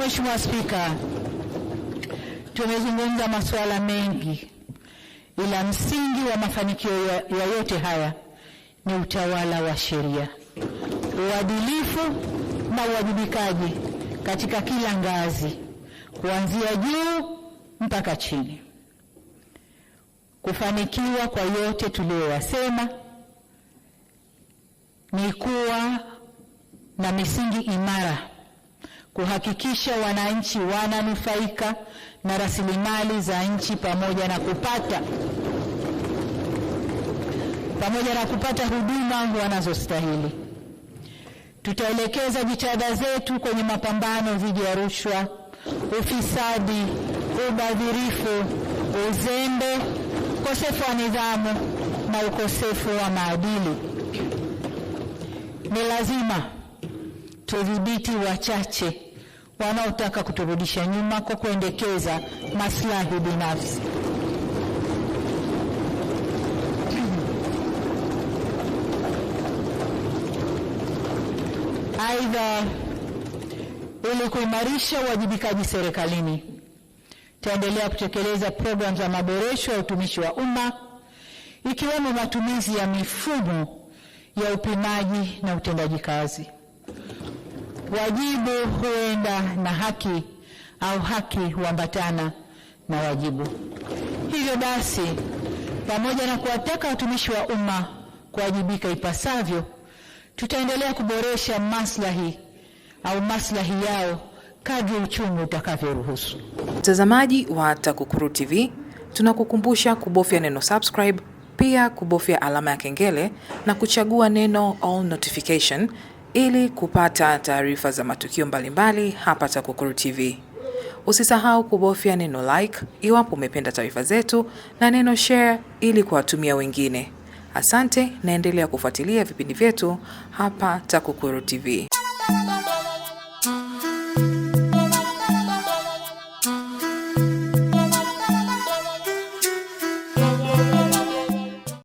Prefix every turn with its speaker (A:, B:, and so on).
A: Mheshimiwa Spika, tumezungumza masuala mengi, ila msingi wa mafanikio ya yote haya ni utawala wa sheria, uadilifu na uwajibikaji katika kila ngazi, kuanzia juu mpaka chini. Kufanikiwa kwa yote tuliyoyasema ni kuwa na misingi imara kuhakikisha wananchi wananufaika na rasilimali za nchi pamoja na kupata pamoja na kupata huduma wanazostahili. Tutaelekeza jitihada zetu kwenye mapambano dhidi ya rushwa, ufisadi, ubadhirifu, uzembe, ukosefu wa nidhamu na ukosefu wa maadili. Ni lazima tudhibiti wachache wanaotaka kuturudisha nyuma kwa kuendekeza maslahi binafsi. Aidha, ili kuimarisha uwajibikaji serikalini, taendelea kutekeleza programu za maboresho ya utumishi wa umma ikiwemo matumizi ya mifumo ya upimaji na utendaji kazi wajibu huenda na haki au haki huambatana na wajibu. Hivyo basi, pamoja na kuwataka watumishi wa umma kuwajibika ipasavyo, tutaendelea kuboresha maslahi au maslahi yao kadri uchumi utakavyoruhusu.
B: Mtazamaji wa TAKUKURU TV, tunakukumbusha kubofya neno subscribe, pia kubofya alama ya kengele na kuchagua neno all notification ili kupata taarifa za matukio mbalimbali hapa TAKUKURU TV. Usisahau kubofya neno like iwapo umependa taarifa zetu na neno share ili kuwatumia wengine. Asante, naendelea kufuatilia vipindi vyetu hapa TAKUKURU TV.